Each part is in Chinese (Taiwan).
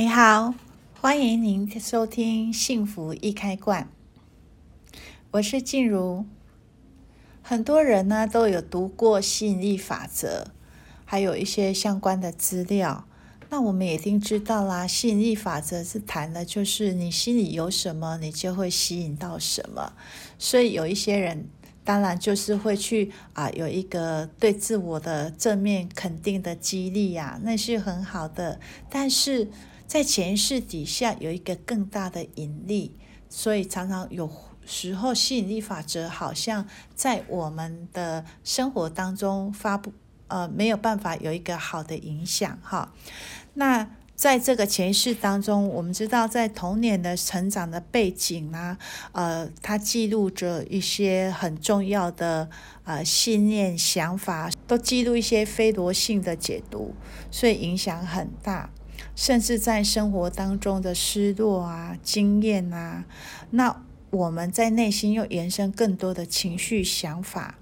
你好，歡迎您收聽《幸福易開罐》，我是靜茹。很多人呢都有讀過吸引力法則，還有一些相關的資料。那我們已經知道啦，吸引力法則是談的，就是你心裡有什麼，你就會吸引到什麼。所以有一些人，當然就是會去啊，有一個對自我的正面肯定的激勵呀、啊，那是很好的。但是在前世底下有一個更大的引力，所以常常有時候吸引力法則好像在我們的生活當中發不，呃，沒有辦法有一個好的影響哈。那在這個前世當中，我們知道在童年的成長的背景啊，呃，它記錄着一些很重要的，呃，信念想法，都記錄一些非邏輯性的解讀，所以影響很大。甚至在生活當中的失落啊、經驗啊，那我們在內心又延伸更多的情緒想法，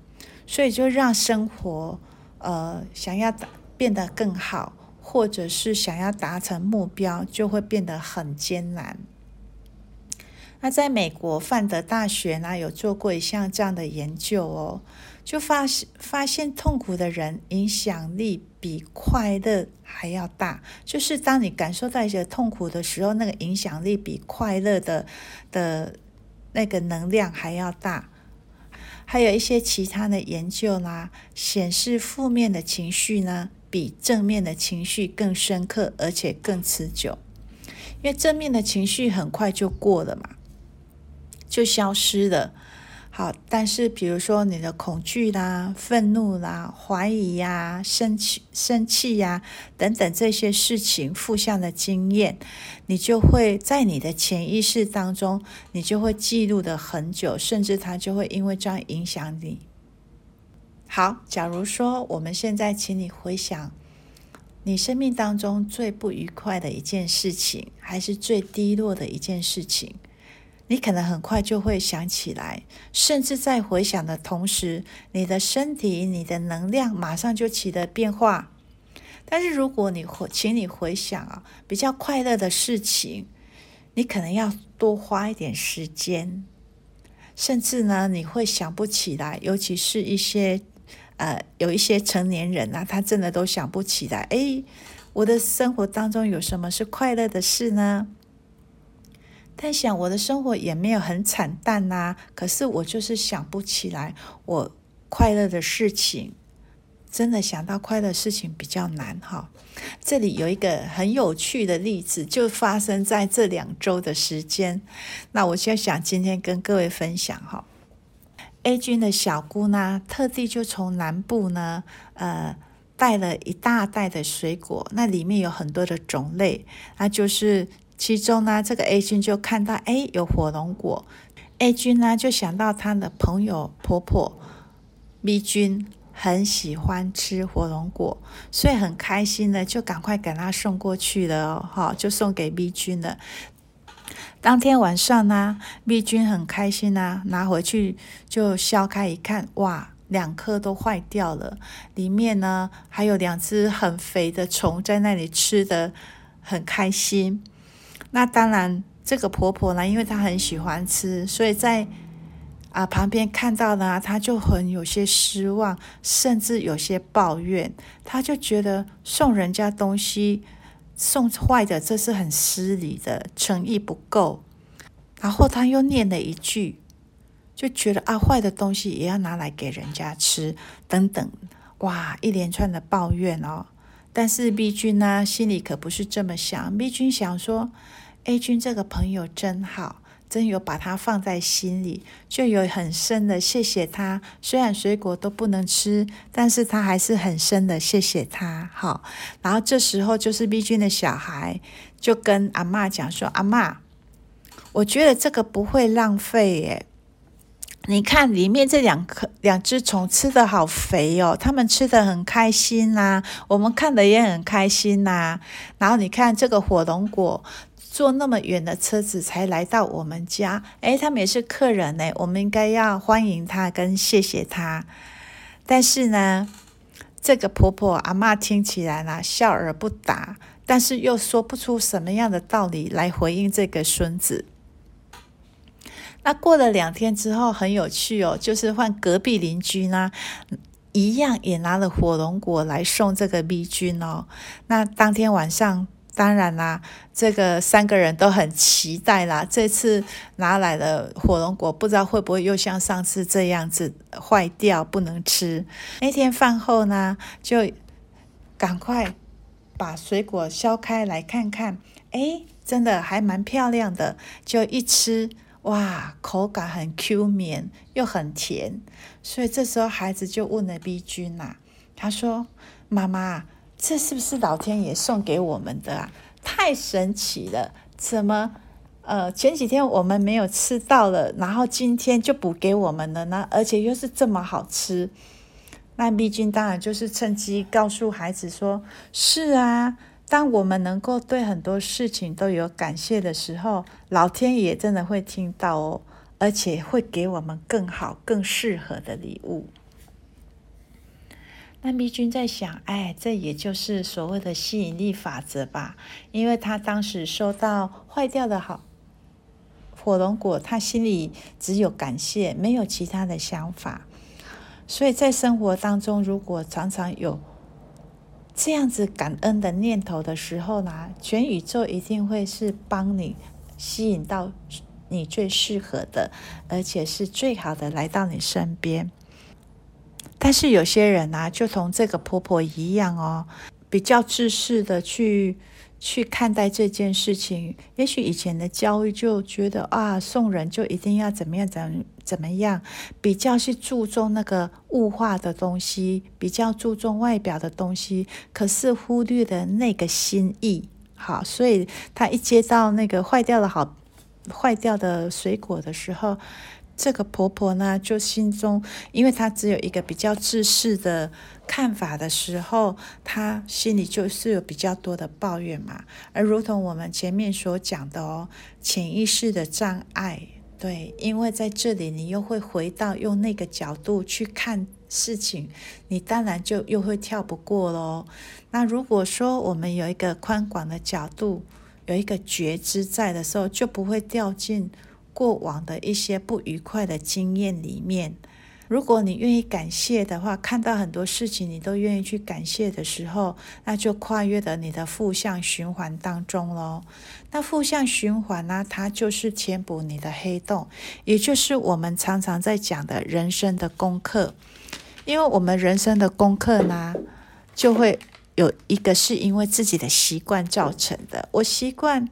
所以就讓生活，呃，想要變得更好，或者是想要達成目標，就會變得很艱難。那在美國范德大學呢，有做過一項這樣的研究哦，就發發現痛苦的人影響力比快樂還要大，就是當你感受到一些痛苦的時候，那個影響力比快樂的的那個能量還要大。還有一些其他的研究啦，顯示負面的情緒呢，比正面的情緒更深刻，而且更持久，因為正面的情緒很快就過了嘛。就消失了。好，但是比如說你的恐懼啦、憤怒啦、懷疑呀、啊、生氣、生氣呀、啊、等等這些事情，負向的經驗，你就會在你的潛意識當中，你就會記錄得很久，甚至它就會因為這樣影響你。好，假如說我們現在請你回想，你生命當中最不愉快的一件事情，還是最低落的一件事情？你可能很快就會想起來，甚至在回想的同時，你的身體、你的能量馬上就起了變化。但是如果你回，請你回想啊，比較快樂的事情，你可能要多花一點時間，甚至呢，你會想不起來。尤其是一些呃，有一些成年人啊，他真的都想不起來。誒，我的生活當中有什麼是快樂的事呢？但想我的生活也沒有很慘淡吶，啊，可是我就是想不起來我快樂的事情，真的想到快樂的事情比較難哈。這裡有一個很有趣的例子，就發生在這兩周的時間。那我就想今天跟各位分享哈，A 君的小姑呢，特地就從南部呢，呃，帶了一大袋的水果，那裡面有很多的種類，那就是。其中呢，這個 A 君就看到，哎、欸，有火龍果。A 君呢，就想到他的朋友婆婆 B 君很喜歡吃火龍果，所以很開心的就趕快給他送過去了哦，哈，就送給 B 君了。當天晚上呢，B 君很開心啊，拿回去就削開一看，哇，兩顆都壞掉了，裡面呢還有兩隻很肥的蟲在那裡吃得很開心。那當然，這個婆婆呢，因為她很喜歡吃，所以在啊旁邊看到呢，她就很有些失望，甚至有些抱怨。她就覺得送人家東西送壞的，這是很失禮的，誠意不夠。然後她又念了一句，就覺得啊，壞的東西也要拿來給人家吃等等，哇，一連串的抱怨哦。但是碧君呢，心裡可不是這麼想。碧君想說。A 君這個朋友真好，真有把他放在心裡，就有很深的謝謝他。雖然水果都不能吃，但是他還是很深的謝謝他。好，然後這時候就是 B 君的小孩就跟阿嬤講說：“阿嬤，我覺得這個不會浪費耶，你看裡面這兩顆兩隻蟲吃得好肥哦，牠們吃得很開心吶、啊，我們看得也很開心吶、啊。然後你看這個火龍果。”坐那麼遠的車子才來到我們家，誒，他們也是客人呢，我們應該要歡迎他跟謝謝他。但是呢，這個婆婆阿嬤聽起來呢，笑而不答，但是又說不出什麼樣的道理來回應這個孫子。那過了兩天之後，很有趣哦，就是換隔壁鄰居呢，一樣也拿了火龍果來送這個蜜菌哦。那當天晚上。當然啦，這個三個人都很期待啦。這次拿來了火龍果，不知道會不會又像上次這樣子壞掉，不能吃。那天飯後呢，就趕快把水果削開來看看，哎，真的還蠻漂亮的。就一吃，哇，口感很 Q 綿，又很甜。所以這時候孩子就問了 B 君啦，他說：“媽媽。”這是不是老天爺送給我們的啊？太神奇了！怎麼，呃，前幾天我們沒有吃到了，然後今天就補給我們了呢？而且又是這麼好吃。那畢竟當然就是趁機告訴孩子說：“是啊，當我們能夠對很多事情都有感謝的時候，老天爺真的會聽到哦，而且會給我們更好、更適合的禮物。”那蜜君在想，哎，這也就是所謂的吸引力法則吧，因為他當時收到壞掉的好火龍果，他心裡只有感謝，沒有其他的想法。所以在生活當中，如果常常有這樣子感恩的念頭的時候呢，全宇宙一定會是幫你吸引到你最適合的，而且是最好的來到你身邊。但是有些人吶、啊，就同這個婆婆一樣哦，比較自私的去去看待這件事情。也許以前的教育就覺得啊，送人就一定要怎麼樣怎怎麼樣，比較去注重那個物化的東西，比較注重外表的東西，可是忽略的那個心意。好，所以她一接到那個壞掉的好壞掉的水果的時候。這個婆婆呢，就心中，因為她只有一個比較自私的看法的時候，她心裡就是有比較多的抱怨嘛。而如同我們前面所講的哦，潛意識的障礙，對，因為在這裡你又會回到用那個角度去看事情，你當然就又會跳不過嘍。那如果說我們有一個寬廣的角度，有一個覺知在的時候，就不會掉進。過往的一些不愉快的經驗裡面，如果你願意感謝的話，看到很多事情你都願意去感謝的時候，那就跨越了你的負向循環當中嘍。那負向循環呢，啊，它就是填補你的黑洞，也就是我們常常在講的人生的功課。因為我們人生的功課呢，就會有一個是因為自己的習慣造成的。我習慣。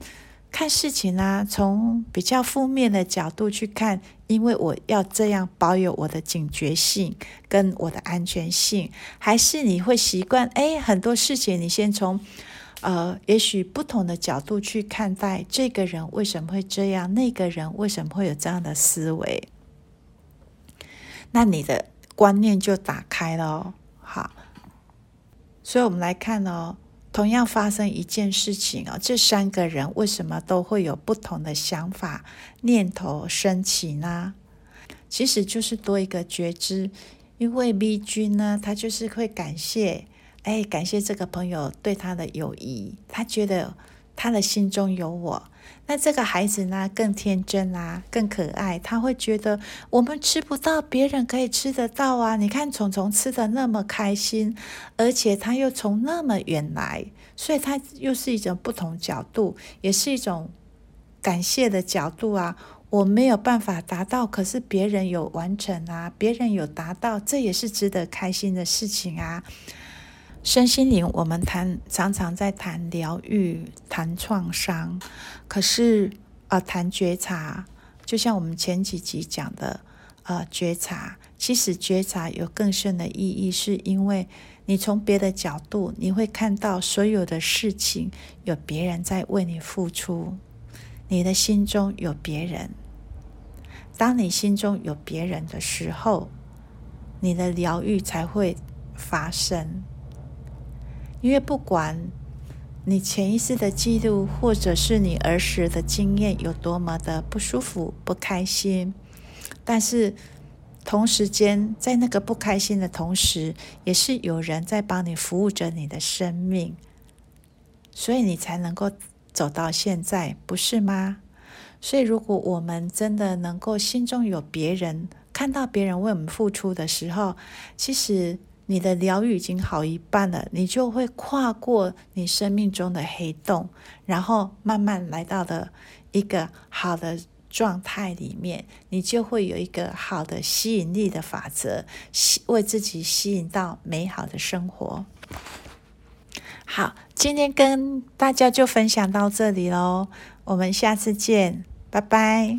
看事情啦，啊，從比較負面的角度去看，因為我要這樣保有我的警覺性跟我的安全性，還是你會習慣？誒，很多事情你先從呃，也許不同的角度去看待，這個人為什麼會這樣，那個人為什麼會有這樣的思維，那你的觀念就打開了哦。好，所以我們來看哦。同樣發生一件事情啊，這三個人為什麼都會有不同的想法念頭升起呢？其實就是多一個覺知，因為 B 君呢，他就是會感謝，哎，感謝這個朋友對他的友誼，他覺得。他的心中有我，那這個孩子呢更天真啊，更可愛。他會覺得我們吃不到，別人可以吃得到啊。你看蟲蟲吃得那麼開心，而且他又從那麼遠來，所以他又是一種不同角度，也是一種感謝的角度啊。我沒有辦法達到，可是別人有完成啊，別人有達到，這也是值得開心的事情啊。身心靈，我們談常常在談療癒，談創傷，可是呃，談覺察，就像我們前幾集講的，呃，覺察，其實覺察有更深的意義，是因為你從別的角度，你會看到所有的事情有別人在為你付出，你的心中有別人。當你心中有別人的時候，你的療癒才會發生。因為不管你潛意識的記錄，或者是你兒時的經驗有多麼的不舒服、不開心，但是同時間在那個不開心的同時，也是有人在幫你服務着你的生命，所以你才能夠走到現在，不是嗎？所以如果我們真的能夠心中有別人，看到別人為我們付出的時候，其實。你的療癒已經好一半了，你就會跨過你生命中的黑洞，然後慢慢來到了一個好的狀態裡面，你就會有一個好的吸引力的法則，吸為自己吸引到美好的生活。好，今天跟大家就分享到這裡嘍，我們下次見，拜拜。